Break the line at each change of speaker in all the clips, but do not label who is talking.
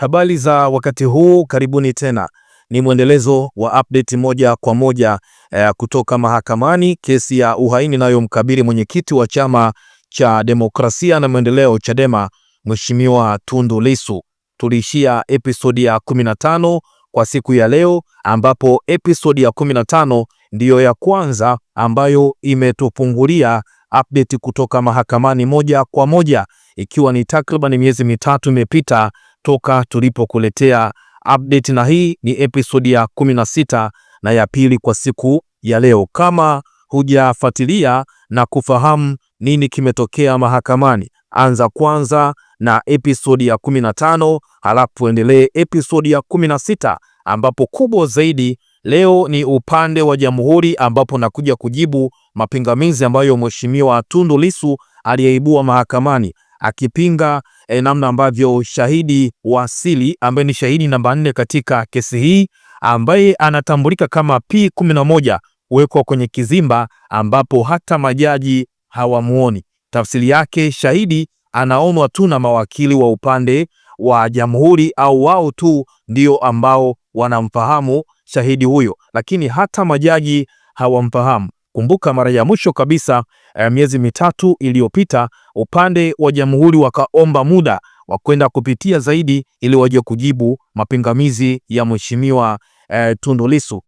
Habari za wakati huu, karibuni tena. Ni mwendelezo wa update moja kwa moja eh, kutoka mahakamani, kesi ya uhaini inayomkabili mwenyekiti wa chama cha demokrasia na maendeleo Chadema, Mheshimiwa Tundu Lissu. Tuliishia episodi ya 15 kwa siku ya leo, ambapo episodi ya 15 ndiyo ya kwanza ambayo imetupungulia update kutoka mahakamani moja kwa moja, ikiwa ni takriban miezi mitatu imepita toka tulipokuletea update, na hii ni episodi ya 16 na ya pili kwa siku ya leo. Kama hujafuatilia na kufahamu nini kimetokea mahakamani, anza kwanza na episodi ya 15 halafu endelee episodi ya 16 ambapo kubwa zaidi leo ni upande wa jamhuri ambapo nakuja kujibu mapingamizi ambayo mheshimiwa Tundu Lissu aliyeibua mahakamani akipinga e, namna ambavyo shahidi wa asili ambaye ni shahidi namba nne katika kesi hii ambaye anatambulika kama P11 huwekwa kwenye kizimba ambapo hata majaji hawamuoni. Tafsiri yake shahidi anaonwa tu na mawakili wa upande wa jamhuri au wao tu ndio ambao wanamfahamu shahidi huyo, lakini hata majaji hawamfahamu. Kumbuka mara ya mwisho kabisa eh, miezi mitatu iliyopita upande wa jamhuri wakaomba muda wa kwenda kupitia zaidi ili waje kujibu mapingamizi ya mheshimiwa eh, Tundu Lissu.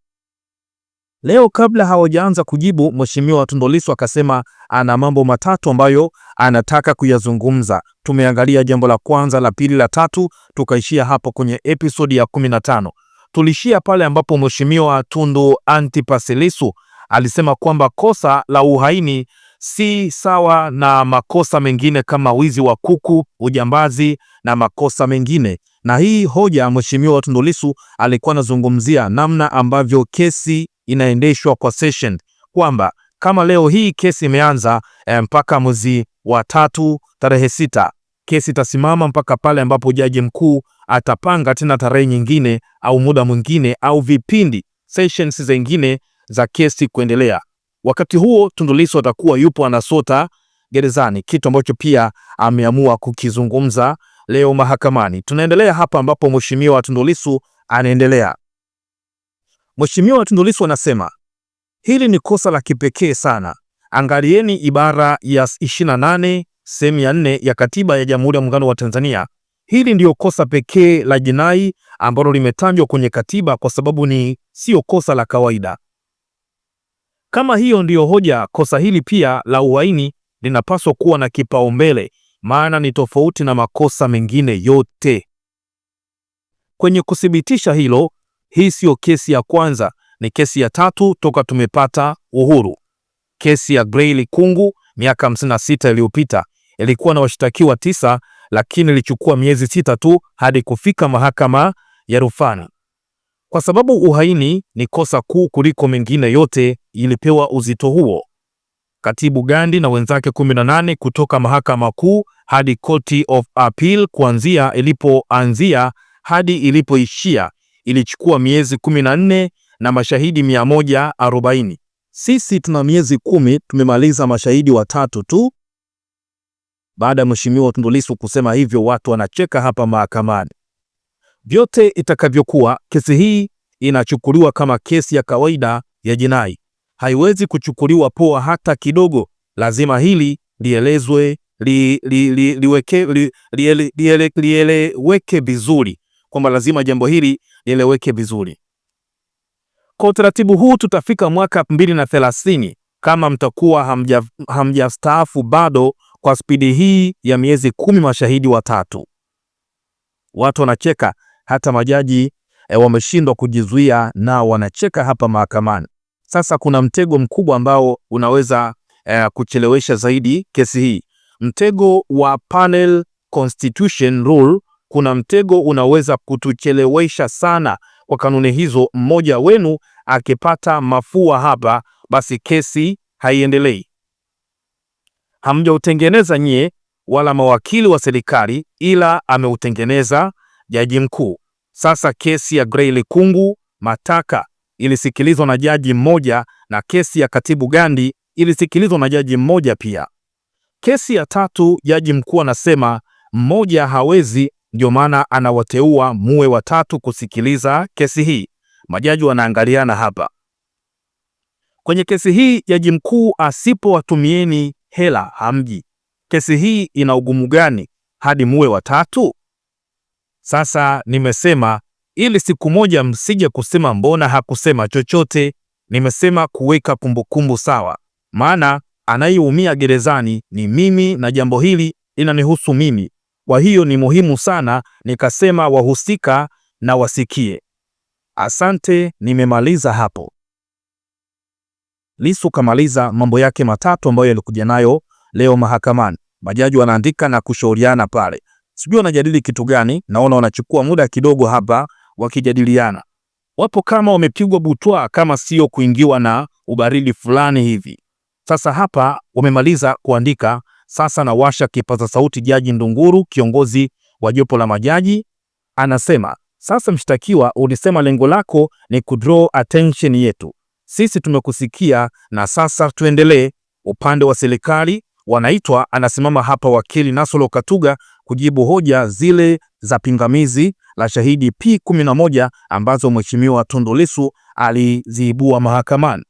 Leo kabla hawajaanza kujibu, mheshimiwa Tundu Lissu akasema ana mambo matatu ambayo anataka kuyazungumza. Tumeangalia jambo la kwanza, la pili, la tatu, tukaishia hapo kwenye episodi ya 15. Tulishia pale ambapo mheshimiwa Tundu Antipas Lissu alisema kwamba kosa la uhaini si sawa na makosa mengine kama wizi wa kuku, ujambazi na makosa mengine. Na hii hoja Mheshimiwa Tundu Lissu alikuwa anazungumzia namna ambavyo kesi inaendeshwa kwa session, kwamba kama leo hii kesi imeanza eh, mpaka mwezi wa tatu tarehe sita kesi itasimama mpaka pale ambapo jaji mkuu atapanga tena tarehe nyingine au muda mwingine au vipindi sessions zingine za kesi kuendelea. Wakati huo Tundu Lissu atakuwa yupo anasota gerezani, kitu ambacho pia ameamua kukizungumza leo mahakamani. Tunaendelea hapa ambapo mheshimiwa Tundu Lissu anaendelea. Mheshimiwa Tundu Lissu anasema hili ni kosa la kipekee sana. Angalieni ibara ya 28 sehemu ya 4 ya katiba ya Jamhuri ya Muungano wa Tanzania. Hili ndiyo kosa pekee la jinai ambalo limetajwa kwenye katiba kwa sababu ni sio kosa la kawaida. Kama hiyo ndiyo hoja, kosa hili pia la uhaini linapaswa kuwa na kipaumbele, maana ni tofauti na makosa mengine yote. Kwenye kuthibitisha hilo, hii siyo kesi ya kwanza, ni kesi ya tatu toka tumepata uhuru. Kesi ya Gray Likungu miaka 56 iliyopita ilikuwa na washtakiwa tisa, lakini ilichukua miezi sita tu hadi kufika mahakama ya rufani. Kwa sababu uhaini ni kosa kuu kuliko mengine yote, ilipewa uzito huo. Katibu Gandhi na wenzake 18 kutoka Mahakama Kuu hadi Court of Appeal, kuanzia ilipoanzia hadi ilipoishia, ilichukua miezi 14 na mashahidi 140. Sisi tuna miezi kumi, tumemaliza mashahidi watatu tu. Baada ya Mheshimiwa Tundu Lissu kusema hivyo, watu wanacheka hapa mahakamani. Vyote itakavyokuwa, kesi hii inachukuliwa kama kesi ya kawaida ya jinai, haiwezi kuchukuliwa poa hata kidogo. Lazima hili lielezwe, lieleweke vizuri, kwamba lazima jambo hili lieleweke vizuri. Kwa utaratibu huu tutafika mwaka 2030 kama mtakuwa hamjastaafu bado. Kwa spidi hii ya miezi kumi, mashahidi watatu, watu wanacheka hata majaji e, wameshindwa kujizuia na wanacheka hapa mahakamani. Sasa kuna mtego mkubwa ambao unaweza e, kuchelewesha zaidi kesi hii, mtego wa panel constitution rule. Kuna mtego unaweza kutuchelewesha sana kwa kanuni hizo. Mmoja wenu akipata mafua hapa, basi kesi haiendelei. Hamjautengeneza nyie wala mawakili wa serikali, ila ameutengeneza jaji mkuu. Sasa kesi ya Gray Likungu Mataka ilisikilizwa na jaji mmoja na kesi ya Katibu Gandhi ilisikilizwa na jaji mmoja pia. Kesi ya tatu jaji mkuu anasema mmoja hawezi, ndio maana anawateua muwe watatu kusikiliza kesi hii. Majaji wanaangaliana hapa kwenye kesi hii. Jaji mkuu asipowatumieni hela hamji. Kesi hii ina ugumu gani hadi muwe watatu? Sasa nimesema ili siku moja msije kusema mbona hakusema chochote. Nimesema kuweka kumbukumbu sawa, maana anayeumia gerezani ni mimi na jambo hili linanihusu mimi. Kwa hiyo ni muhimu sana nikasema wahusika na wasikie. Asante, nimemaliza hapo. Lisu kamaliza mambo yake matatu ambayo yalikuja nayo leo mahakamani. Majaji wanaandika na kushauriana pale sijui wanajadili kitu gani, naona wanachukua muda kidogo hapa wakijadiliana. Wapo kama wamepigwa butwa, kama sio kuingiwa na ubaridi fulani hivi. Sasa hapa wamemaliza kuandika, sasa nawasha kipaza sauti. Jaji Ndunguru, kiongozi wa jopo la majaji, anasema sasa, mshtakiwa, ulisema lengo lako ni kudraw attention yetu sisi, tumekusikia na sasa tuendelee. Upande wa serikali wanaitwa, anasimama hapa wakili Nasolo Katuga kujibu hoja zile za pingamizi la shahidi P11 ambazo Mheshimiwa Tundu Lissu aliziibua mahakamani.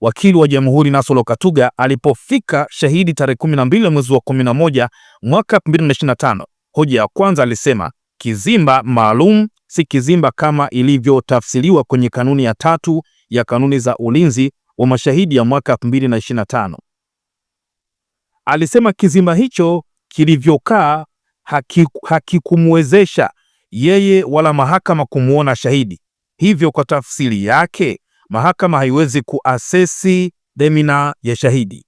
Wakili wa Jamhuri Nasolo Katuga alipofika shahidi tarehe 12 mwezi wa 11 mwaka 2025, hoja ya kwanza alisema kizimba maalum si kizimba kama ilivyotafsiriwa kwenye kanuni ya tatu ya kanuni za ulinzi wa mashahidi ya mwaka 2025. Alisema kizimba hicho kilivyokaa hakikumwezesha haki yeye wala mahakama kumwona shahidi. Hivyo kwa tafsiri yake mahakama haiwezi kuasesi demina ya shahidi.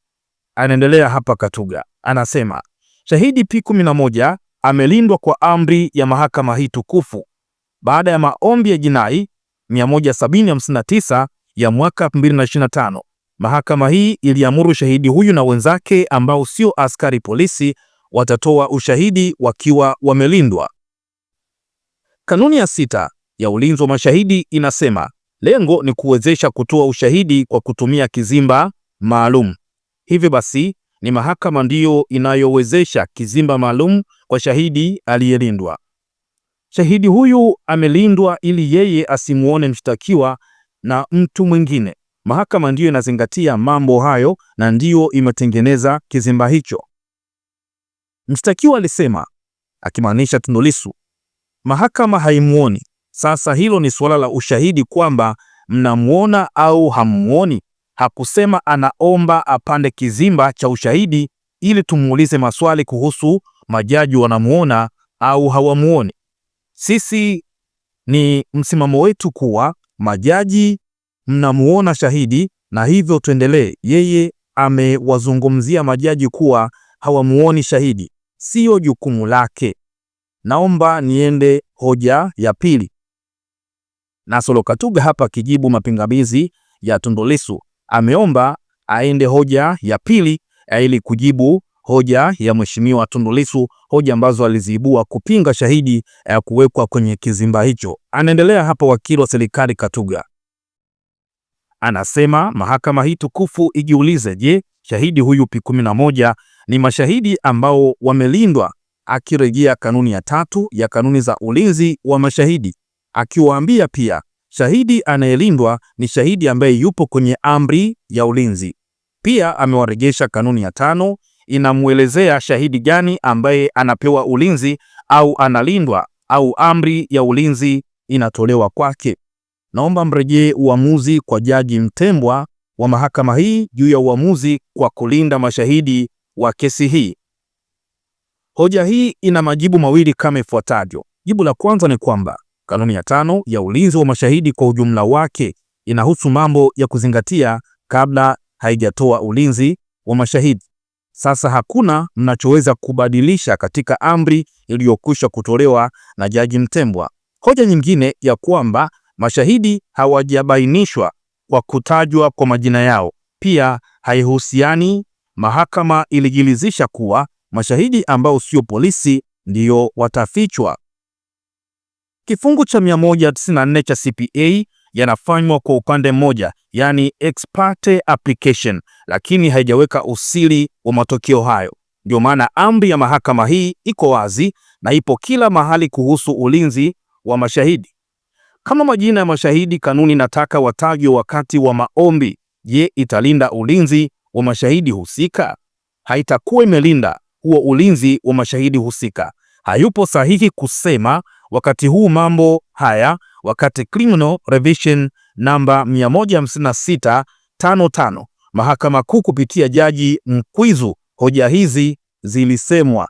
Anaendelea hapa Katuga anasema shahidi P11 amelindwa kwa amri ya mahakama hii tukufu baada ya maombi ya jinai 1759 ya mwaka 2025. Mahakama hii iliamuru shahidi huyu na wenzake ambao sio askari polisi watatoa ushahidi wakiwa wamelindwa. Kanuni ya sita ya ulinzi wa mashahidi inasema lengo ni kuwezesha kutoa ushahidi kwa kutumia kizimba maalum. Hivyo basi ni mahakama ndiyo inayowezesha kizimba maalum kwa shahidi aliyelindwa. Shahidi huyu amelindwa ili yeye asimuone mshtakiwa na mtu mwingine. Mahakama ndiyo inazingatia mambo hayo na ndiyo imetengeneza kizimba hicho mshtakiwa alisema, akimaanisha Tundu Lissu. Mahakama haimuoni. Sasa hilo ni suala la ushahidi kwamba mnamuona au hammuoni Hakusema anaomba apande kizimba cha ushahidi ili tumuulize maswali kuhusu majaji wanamuona au hawamuoni. Sisi ni msimamo wetu kuwa majaji mnamuona shahidi, na hivyo tuendelee. Yeye amewazungumzia majaji kuwa hawamuoni shahidi siyo jukumu lake. Naomba niende hoja ya pili. Nasolo Katuga hapa akijibu mapingamizi ya Tundu Lissu ameomba aende hoja ya pili ili kujibu hoja ya mheshimiwa Tundu Lissu, hoja ambazo aliziibua kupinga shahidi ya kuwekwa kwenye kizimba hicho. Anaendelea hapa wakili wa serikali Katuga anasema mahakama hii tukufu ijiulize, je, shahidi huyu P11 ni mashahidi ambao wamelindwa, akirejea kanuni ya tatu ya kanuni za ulinzi wa mashahidi, akiwaambia pia shahidi anayelindwa ni shahidi ambaye yupo kwenye amri ya ulinzi. Pia amewarejesha kanuni ya tano, inamwelezea shahidi gani ambaye anapewa ulinzi au analindwa au amri ya ulinzi inatolewa kwake. Naomba mrejee uamuzi kwa Jaji Mtembwa wa mahakama hii juu ya uamuzi kwa kulinda mashahidi wa kesi hii. Hoja hii ina majibu mawili kama ifuatavyo. Jibu la kwanza ni kwamba kanuni ya tano ya ulinzi wa mashahidi kwa ujumla wake inahusu mambo ya kuzingatia kabla haijatoa ulinzi wa mashahidi. Sasa hakuna mnachoweza kubadilisha katika amri iliyokwisha kutolewa na Jaji Mtembwa. Hoja nyingine ya kwamba mashahidi hawajabainishwa kwa kutajwa kwa majina yao pia haihusiani Mahakama ilijilizisha kuwa mashahidi ambao sio polisi ndio watafichwa. Kifungu cha 194 cha CPA yanafanywa kwa upande mmoja, yani ex parte application, lakini haijaweka usiri wa matokeo hayo. Ndio maana amri ya mahakama hii iko wazi na ipo kila mahali kuhusu ulinzi wa mashahidi. Kama majina ya mashahidi kanuni nataka watajwe wakati wa maombi, je, italinda ulinzi wa mashahidi husika, haitakuwa imelinda huo ulinzi wa mashahidi husika. Hayupo sahihi kusema wakati huu mambo haya, wakati Criminal Revision namba 15655 Mahakama Kuu kupitia Jaji Mkwizu, hoja hizi zilisemwa.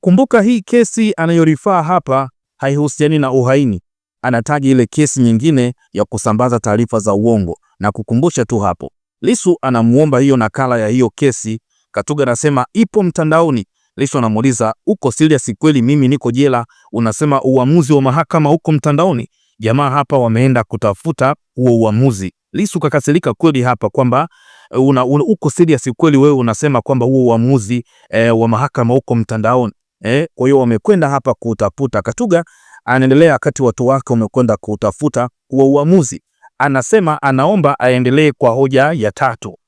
Kumbuka hii kesi anayorifaa hapa haihusiani na uhaini, anataja ile kesi nyingine ya kusambaza taarifa za uongo na kukumbusha tu hapo Lisu anamuomba hiyo nakala ya hiyo kesi. Katuga anasema ipo mtandaoni. Lisu anamuuliza uko serious kweli? Mimi niko jela, unasema uamuzi wa mahakama uko mtandaoni. Jamaa hapa wameenda kutafuta huo uamuzi. Lisu kakasirika kweli hapa kwamba eh, una, una, uko serious kweli wewe unasema kwamba huo uamuzi e, wa mahakama uko mtandaoni eh? Kwa hiyo wamekwenda hapa kutafuta. Katuga anaendelea, kati watu wake wamekwenda kutafuta huo uamuzi anasema anaomba aendelee kwa hoja ya tatu.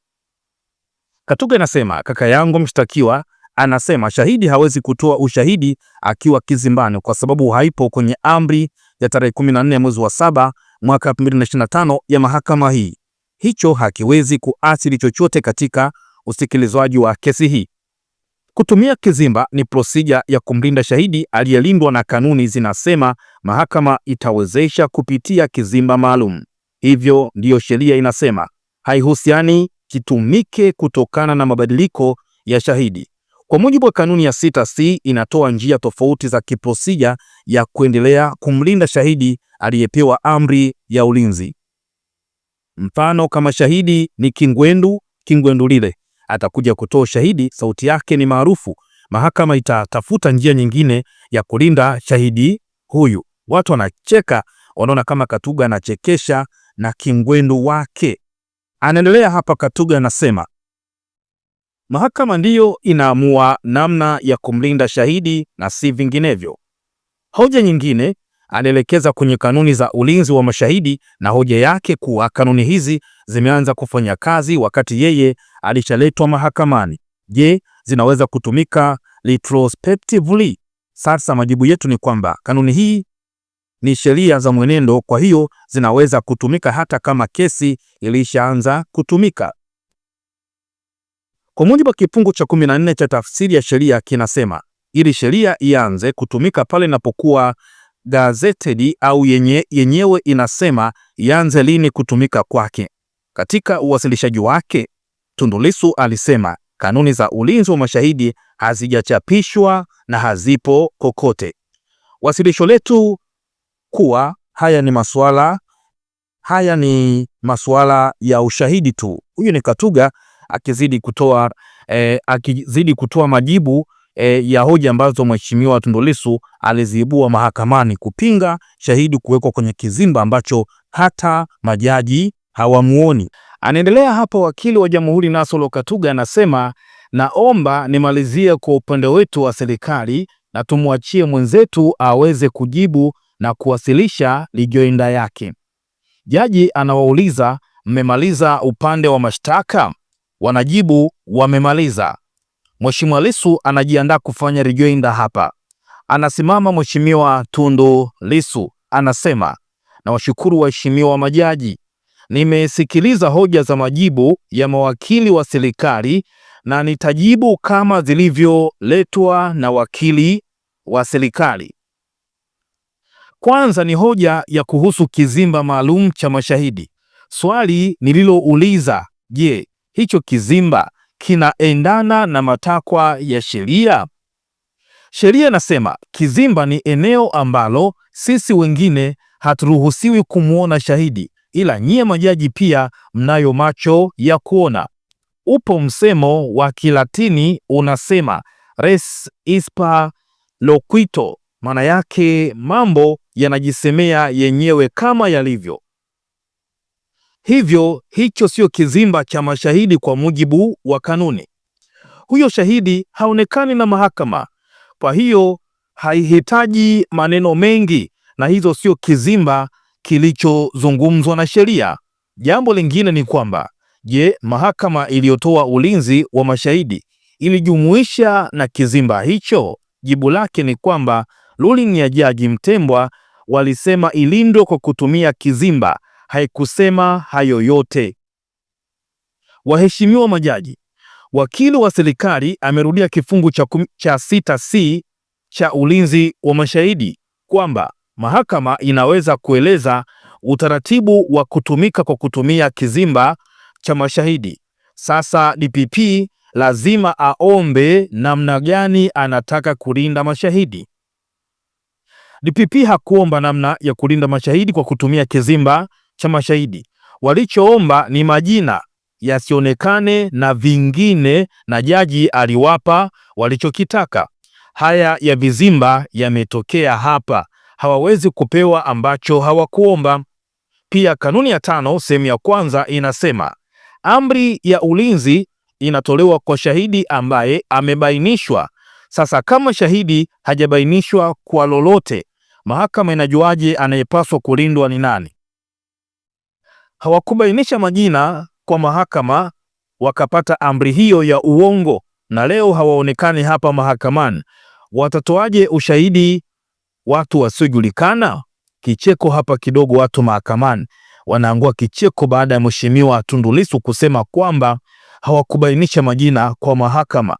Katuga anasema kaka yangu mshtakiwa anasema shahidi hawezi kutoa ushahidi akiwa kizimbani kwa sababu haipo kwenye amri ya tarehe 14 mwezi wa 7 mwaka 2025 ya mahakama hii. Hicho hakiwezi kuathiri chochote katika usikilizwaji wa kesi hii. Kutumia kizimba ni prosija ya kumlinda shahidi aliyelindwa na kanuni zinasema mahakama itawezesha kupitia kizimba maalum. Hivyo ndiyo sheria inasema, haihusiani kitumike kutokana na mabadiliko ya shahidi. Kwa mujibu wa kanuni ya 6 C inatoa njia tofauti za kiprosija ya kuendelea kumlinda shahidi aliyepewa amri ya ulinzi. Mfano, kama shahidi ni kingwendu, kingwendu lile atakuja kutoa ushahidi, sauti yake ni maarufu, mahakama itatafuta njia nyingine ya kulinda shahidi huyu. Watu wanacheka, wanaona kama Katuga anachekesha na kingwendo wake. Anaendelea hapa Katuga anasema mahakama ndiyo inaamua namna ya kumlinda shahidi na si vinginevyo. Hoja nyingine anaelekeza kwenye kanuni za ulinzi wa mashahidi na hoja yake kuwa kanuni hizi zimeanza kufanya kazi wakati yeye alishaletwa mahakamani. Je, zinaweza kutumika retrospectively? Sasa majibu yetu ni kwamba kanuni hii ni sheria za mwenendo, kwa hiyo zinaweza kutumika hata kama kesi ilishaanza kutumika. Kwa mujibu wa kifungu cha 14 cha tafsiri ya sheria kinasema, ili sheria ianze kutumika pale inapokuwa gazetted au yenye, yenyewe inasema ianze lini kutumika kwake. Katika uwasilishaji wake, Tundu Lissu alisema kanuni za ulinzi wa mashahidi hazijachapishwa na hazipo kokote. Wasilisho letu kuwa haya ni masuala haya ni masuala ya ushahidi tu. Huyu ni Katuga akizidi kutoa eh, akizidi kutoa majibu eh, ya hoja ambazo mheshimiwa Tundu Lissu aliziibua mahakamani kupinga shahidi kuwekwa kwenye kizimba ambacho hata majaji hawamuoni. Anaendelea hapo wakili wa Jamhuri Nasolo Katuga anasema, naomba nimalizie kwa upande wetu wa serikali na tumwachie mwenzetu aweze kujibu na kuwasilisha lijoinda yake. Jaji anawauliza, mmemaliza upande wa mashtaka? Wanajibu wamemaliza. Mheshimiwa Lissu anajiandaa kufanya rejoinder hapa. Anasimama Mheshimiwa Tundu Lissu anasema, nawashukuru waheshimiwa majaji, nimesikiliza hoja za majibu ya mawakili wa serikali na nitajibu kama zilivyoletwa na wakili wa serikali. Kwanza ni hoja ya kuhusu kizimba maalum cha mashahidi. Swali nililouliza, je, hicho kizimba kinaendana na matakwa ya sheria? Sheria nasema kizimba ni eneo ambalo sisi wengine haturuhusiwi kumwona shahidi, ila nyie majaji pia mnayo macho ya kuona. Upo msemo wa Kilatini unasema res ispa loquito, maana yake mambo yanajisemea yenyewe kama yalivyo. Hivyo hicho sio kizimba cha mashahidi kwa mujibu wa kanuni. Huyo shahidi haonekani na mahakama, kwa hiyo haihitaji maneno mengi, na hizo sio kizimba kilichozungumzwa na sheria. Jambo lingine ni kwamba, je, mahakama iliyotoa ulinzi wa mashahidi ilijumuisha na kizimba hicho? Jibu lake ni kwamba ruling ya Jaji Mtembwa walisema ilindwe kwa kutumia kizimba, haikusema hayo yote. Waheshimiwa majaji, wakili wa serikali amerudia kifungu cha, cha sita c cha ulinzi wa mashahidi kwamba mahakama inaweza kueleza utaratibu wa kutumika kwa kutumia kizimba cha mashahidi. Sasa DPP lazima aombe namna gani anataka kulinda mashahidi. DPP hakuomba namna ya kulinda mashahidi kwa kutumia kizimba cha mashahidi. Walichoomba ni majina yasionekane na vingine, na jaji aliwapa walichokitaka. Haya ya vizimba yametokea hapa, hawawezi kupewa ambacho hawakuomba. Pia kanuni ya tano sehemu ya kwanza inasema amri ya ulinzi inatolewa kwa shahidi ambaye amebainishwa. Sasa kama shahidi hajabainishwa kwa lolote, Mahakama inajuaje anayepaswa kulindwa ni nani? Hawakubainisha majina kwa mahakama, wakapata amri hiyo ya uongo, na leo hawaonekani hapa mahakamani. Watatoaje ushahidi watu wasiojulikana? Kicheko hapa kidogo, watu mahakamani wanaangua kicheko baada ya mheshimiwa Tundu Lissu kusema kwamba hawakubainisha majina kwa mahakama,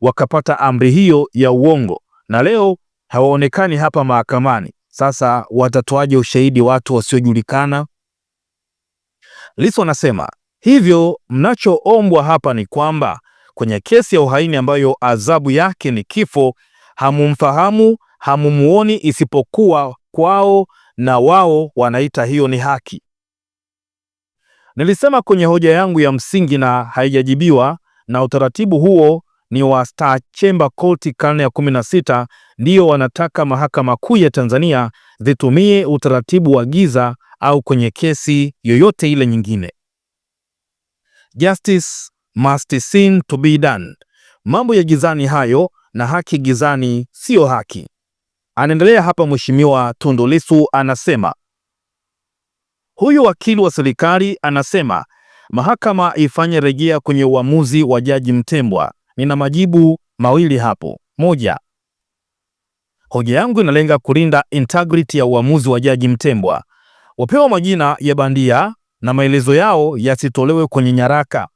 wakapata amri hiyo ya uongo, na leo hawaonekani hapa mahakamani. Sasa watatoaje ushahidi watu wasiojulikana? Lissu anasema hivyo, mnachoombwa hapa ni kwamba kwenye kesi ya uhaini ambayo adhabu yake ni kifo, hamumfahamu, hamumuoni, isipokuwa kwao, na wao wanaita hiyo ni haki. Nilisema kwenye hoja yangu ya msingi na haijajibiwa, na utaratibu huo ni wa Star Chamber Court karne ya kumi na sita ndiyo wanataka Mahakama Kuu ya Tanzania zitumie utaratibu wa giza au kwenye kesi yoyote ile nyingine. Justice must to be done. Mambo ya gizani hayo, na haki gizani siyo haki. Anaendelea hapa Mheshimiwa Tundu Lissu anasema, huyu wakili wa serikali anasema mahakama ifanye rejea kwenye uamuzi wa Jaji Mtembwa Nina majibu mawili hapo. Moja, hoja yangu inalenga kulinda integrity ya uamuzi wa Jaji Mtembwa. Wapewa majina ya bandia na maelezo yao yasitolewe kwenye nyaraka.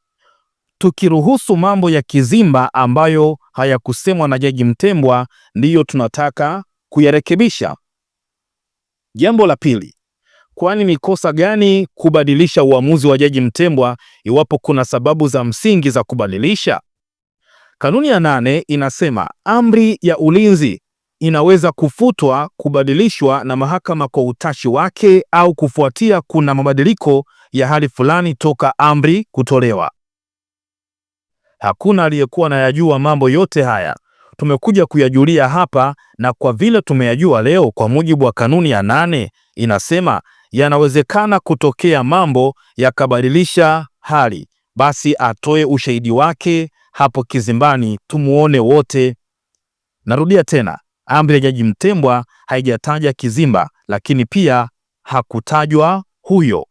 Tukiruhusu mambo ya kizimba ambayo hayakusemwa na Jaji Mtembwa, ndiyo tunataka kuyarekebisha. Jambo la pili, kwani ni kosa gani kubadilisha uamuzi wa Jaji Mtembwa iwapo kuna sababu za msingi za kubadilisha? Kanuni ya nane inasema amri ya ulinzi inaweza kufutwa, kubadilishwa na mahakama kwa utashi wake au kufuatia kuna mabadiliko ya hali fulani toka amri kutolewa. Hakuna aliyekuwa anayajua mambo yote haya, tumekuja kuyajulia hapa, na kwa vile tumeyajua leo, kwa mujibu wa kanuni ya nane inasema yanawezekana kutokea mambo yakabadilisha hali basi atoe ushahidi wake hapo kizimbani, tumuone wote. Narudia tena, amri ya Jaji Mtembwa haijataja kizimba, lakini pia hakutajwa huyo.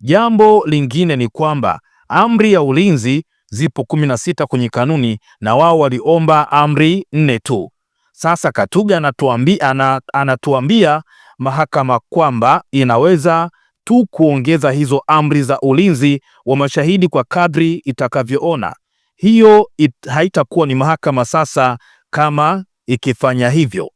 Jambo lingine ni kwamba amri ya ulinzi zipo kumi na sita kwenye kanuni na wao waliomba amri nne tu. Sasa Katuga anatuambia, anatuambia mahakama kwamba inaweza tu kuongeza hizo amri za ulinzi wa mashahidi kwa kadri itakavyoona. Hiyo it, haitakuwa ni mahakama sasa kama ikifanya hivyo.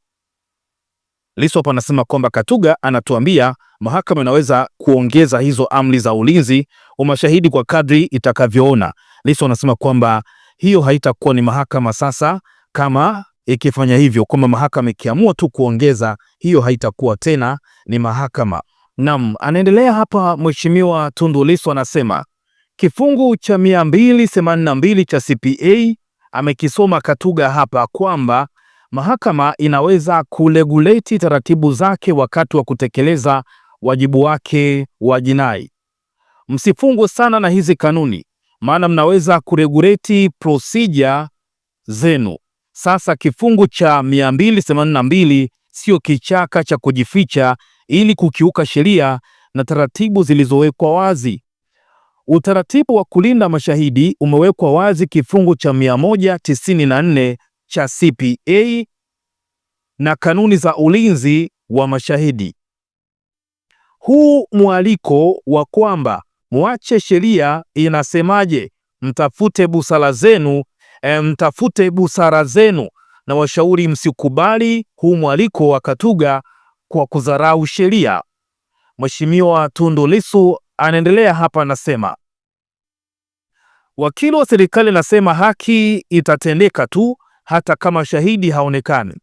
Lissu anasema kwamba Katuga anatuambia mahakama inaweza kuongeza hizo amri za ulinzi wa mashahidi kwa kadri itakavyoona. Lissu anasema kwamba hiyo haitakuwa ni mahakama sasa kama ikifanya hivyo, kwamba mahakama ikiamua tu kuongeza, hiyo haitakuwa tena ni mahakama. Naam, anaendelea hapa Mheshimiwa Tundu Lissu anasema kifungu cha 282 cha CPA amekisoma Katuga hapa kwamba mahakama inaweza kureguleti taratibu zake wakati wa kutekeleza wajibu wake wa jinai. Msifungwe sana na hizi kanuni, maana mnaweza kuregulate procedure zenu. Sasa kifungu cha 282 sio kichaka cha kujificha ili kukiuka sheria na taratibu zilizowekwa wazi. Utaratibu wa kulinda mashahidi umewekwa wazi kifungu cha 194 cha CPA na kanuni za ulinzi wa mashahidi. Huu mwaliko wa kwamba mwache sheria inasemaje, mtafute busara zenu e, mtafute busara zenu na washauri msikubali huu mwaliko wa Katuga kwa kudharau sheria. Mheshimiwa Tundu Lissu anaendelea hapa, anasema wakili wa serikali anasema haki itatendeka tu hata kama shahidi haonekani.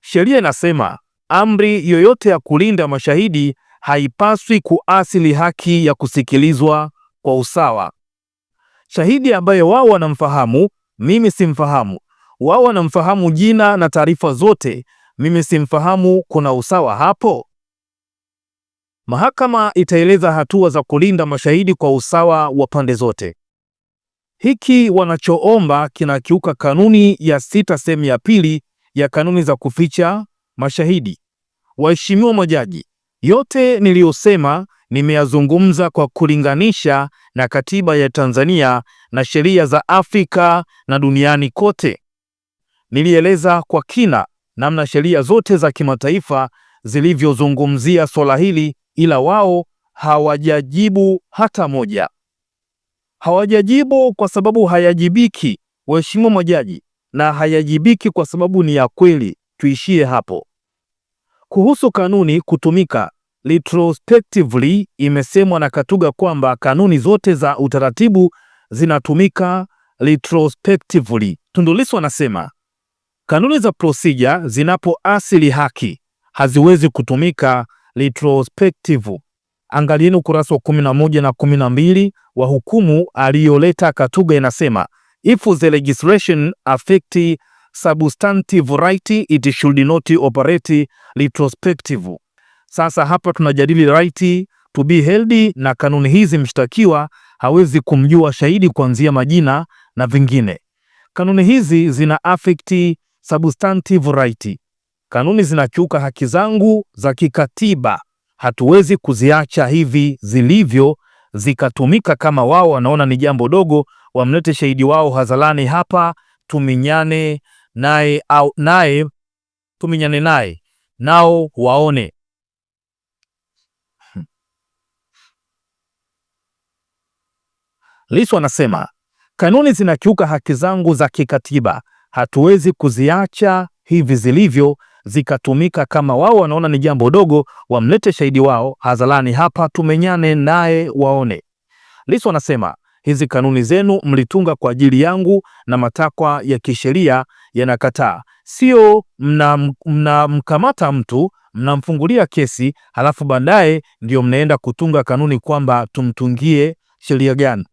Sheria inasema amri yoyote ya kulinda mashahidi haipaswi kuasili haki ya kusikilizwa kwa usawa. Shahidi ambaye wao wanamfahamu, mimi simfahamu. Wao wanamfahamu jina na taarifa zote, mimi simfahamu, kuna usawa hapo? Mahakama itaeleza hatua za kulinda mashahidi kwa usawa wa pande zote. Hiki wanachoomba kinakiuka kanuni ya sita sehemu ya pili ya kanuni za kuficha mashahidi. Waheshimiwa majaji, yote niliyosema nimeyazungumza kwa kulinganisha na katiba ya Tanzania na sheria za Afrika na duniani kote. Nilieleza kwa kina namna sheria zote za kimataifa zilivyozungumzia swala hili, ila wao hawajajibu hata moja. Hawajajibu kwa sababu hayajibiki, waheshimiwa majaji, na hayajibiki kwa sababu ni ya kweli. Tuishie hapo. Kuhusu kanuni kutumika retrospectively, imesemwa na Katuga kwamba kanuni zote za utaratibu zinatumika retrospectively. Tundu Lissu anasema Kanuni za procedure zinapoasili haki haziwezi kutumika retrospective. Angalieni ukurasa wa 11 na 12 wa hukumu aliyoleta Katuga, inasema if the legislation affect substantive right it should not operate retrospective. Sasa hapa tunajadili right to be held, na kanuni hizi mshtakiwa hawezi kumjua shahidi kuanzia majina na vingine. Kanuni hizi zina affect substantive right. Kanuni zinakiuka haki zangu za kikatiba, hatuwezi kuziacha hivi zilivyo zikatumika kama wao wanaona ni jambo dogo, wamlete shahidi wao hadharani hapa tuminyane naye au naye tuminyane naye nao waone. Lissu anasema kanuni zinakiuka haki zangu za kikatiba, hatuwezi kuziacha hivi zilivyo zikatumika kama wao wanaona ni jambo dogo, wamlete shahidi wao hadharani hapa tumenyane naye waone. Lissu anasema hizi kanuni zenu mlitunga kwa ajili yangu na matakwa ya kisheria yanakataa, sio mnamkamata mna mtu mnamfungulia kesi halafu baadaye ndio mnaenda kutunga kanuni kwamba tumtungie sheria gani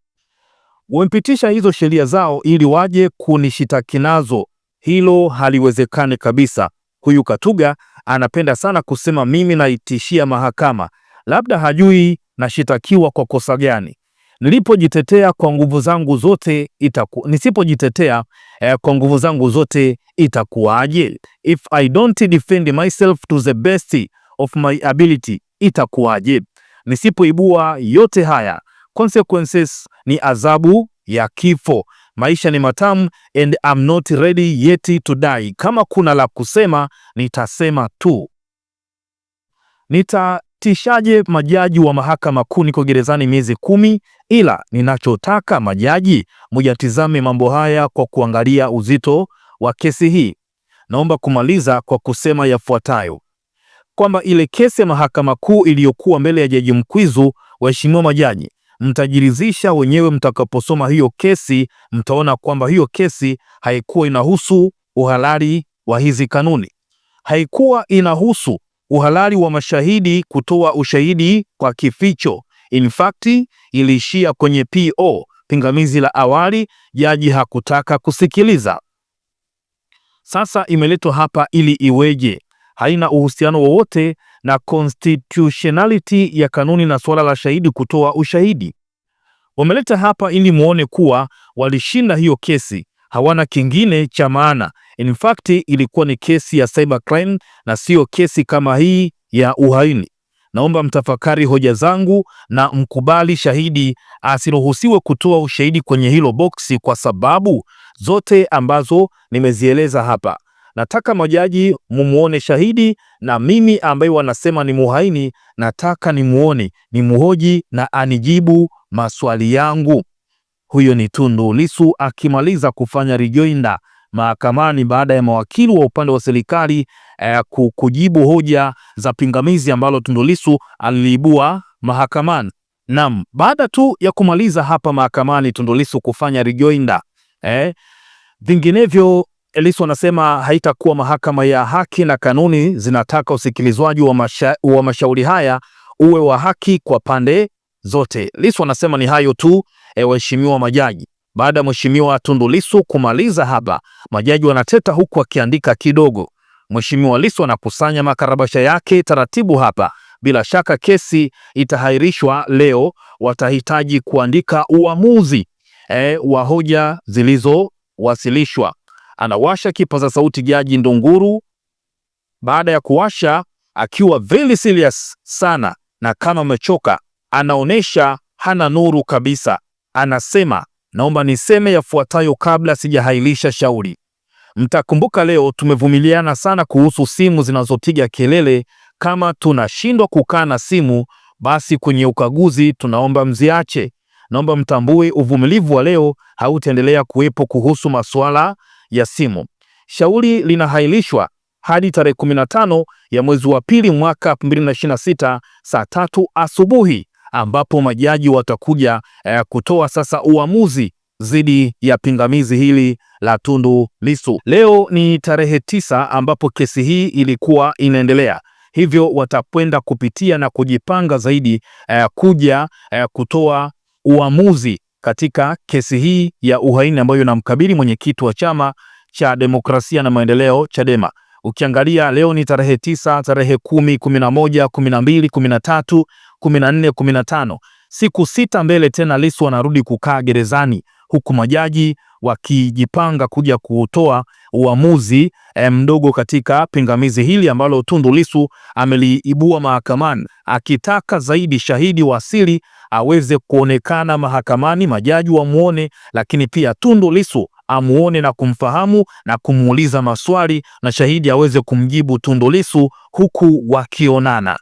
wamepitisha hizo sheria zao ili waje kunishitaki nazo. Hilo haliwezekani kabisa. Huyu Katuga anapenda sana kusema mimi naitishia mahakama, labda hajui nashitakiwa kwa kosa gani. Nilipojitetea kwa nguvu zangu zote itaku, nisipojitetea eh, kwa nguvu zangu zote itakuwaje? If I don't defend myself to the best of my ability itakuwaje? Nisipoibua yote haya consequences ni adhabu ya kifo. Maisha ni matamu and I'm not ready yet to die. Kama kuna la kusema nitasema tu. Nitatishaje majaji wa mahakama kuu? Niko gerezani miezi kumi, ila ninachotaka majaji mujatizame mambo haya kwa kuangalia uzito wa kesi hii. Naomba kumaliza kwa kusema yafuatayo kwamba ile kesi ya mahakama kuu iliyokuwa mbele ya Jaji Mkwizu, waheshimiwa majaji, mtajiridhisha wenyewe mtakaposoma hiyo kesi, mtaona kwamba hiyo kesi haikuwa inahusu uhalali wa hizi kanuni, haikuwa inahusu uhalali wa mashahidi kutoa ushahidi kwa kificho. In fact, iliishia kwenye PO, pingamizi la awali, jaji hakutaka kusikiliza. Sasa imeletwa hapa ili iweje? haina uhusiano wowote na constitutionality ya kanuni na suala la shahidi kutoa ushahidi. Wameleta hapa ili muone kuwa walishinda hiyo kesi, hawana kingine cha maana. In fact, ilikuwa ni kesi ya cyber crime na siyo kesi kama hii ya uhaini. Naomba mtafakari hoja zangu na mkubali shahidi asiruhusiwe kutoa ushahidi kwenye hilo boksi kwa sababu zote ambazo nimezieleza hapa. Nataka majaji mumuone shahidi na mimi ambaye wanasema ni muhaini, nataka nimuone, nimuhoji na anijibu maswali yangu. Huyo ni Tundu Lissu akimaliza kufanya rejoinder mahakamani baada ya mawakili wa upande wa serikali eh, kujibu hoja za pingamizi ambalo Tundu Lissu aliibua mahakamani. Naam, baada tu ya kumaliza hapa mahakamani Tundu Lissu kufanya rejoinder eh, vinginevyo Lissu anasema haitakuwa mahakama ya haki na kanuni zinataka usikilizwaji wa, masha, wa mashauri haya uwe wa haki kwa pande zote. Lissu anasema ni hayo tu e, waheshimiwa majaji. Baada ya mheshimiwa Tundu Lissu kumaliza hapa, majaji wanateta huku akiandika kidogo. Mheshimiwa Lissu anakusanya makarabasha yake taratibu hapa. Bila shaka kesi itahairishwa leo, watahitaji kuandika uamuzi e, wa hoja zilizowasilishwa anawasha kipaza sauti Jaji Ndunguru. Baada ya kuwasha, akiwa very serious sana na kama amechoka, anaonesha hana nuru kabisa. Anasema, naomba niseme yafuatayo kabla sijahailisha shauri. Mtakumbuka leo tumevumiliana sana kuhusu simu zinazopiga kelele. Kama tunashindwa kukaa na simu, basi kwenye ukaguzi tunaomba mziache. Naomba mtambue uvumilivu wa leo hautaendelea kuwepo kuhusu masuala ya simu. Shauri linahairishwa hadi tarehe 15 ya mwezi wa pili mwaka 2026 saa tatu asubuhi ambapo majaji watakuja eh, kutoa sasa uamuzi dhidi ya pingamizi hili la Tundu Lissu. Leo ni tarehe tisa ambapo kesi hii ilikuwa inaendelea, hivyo watakwenda kupitia na kujipanga zaidi eh, kuja eh, kutoa uamuzi katika kesi hii ya uhaini ambayo inamkabili mwenyekiti wa chama cha demokrasia na maendeleo Chadema. Ukiangalia leo ni tarehe tisa, tarehe kumi, kumi na moja, kumi na mbili, kumi na tatu, kumi na nne, kumi na tano, siku sita mbele tena Lissu anarudi kukaa gerezani huku majaji wakijipanga kuja kutoa uamuzi eh, mdogo katika pingamizi hili ambalo Tundu Lissu ameliibua mahakamani akitaka zaidi shahidi wa asili aweze kuonekana mahakamani, majaji wamuone, lakini pia Tundu Lissu amuone na kumfahamu na kumuuliza maswali na shahidi aweze kumjibu Tundu Lissu huku wakionana.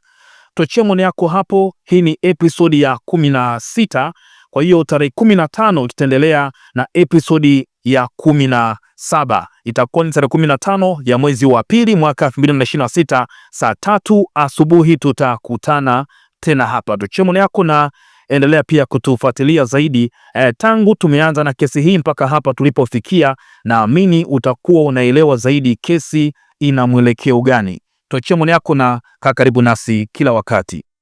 Tochia maoni yako hapo. Hii ni episodi ya kumi sita. Kwa hiyo tarehe kumi tano tutaendelea na episodi ya kumi na saba itakuwa ni tarehe kumi tano ya mwezi wa pili mwaka 2026 saa tatu asubuhi. Tutakutana tena hapa. Tochea maoni yako na endelea pia kutufuatilia zaidi eh, tangu tumeanza na kesi hii mpaka hapa tulipofikia, naamini utakuwa unaelewa zaidi kesi ina mwelekeo gani. Tuachie maoni yako na kaa karibu nasi kila wakati.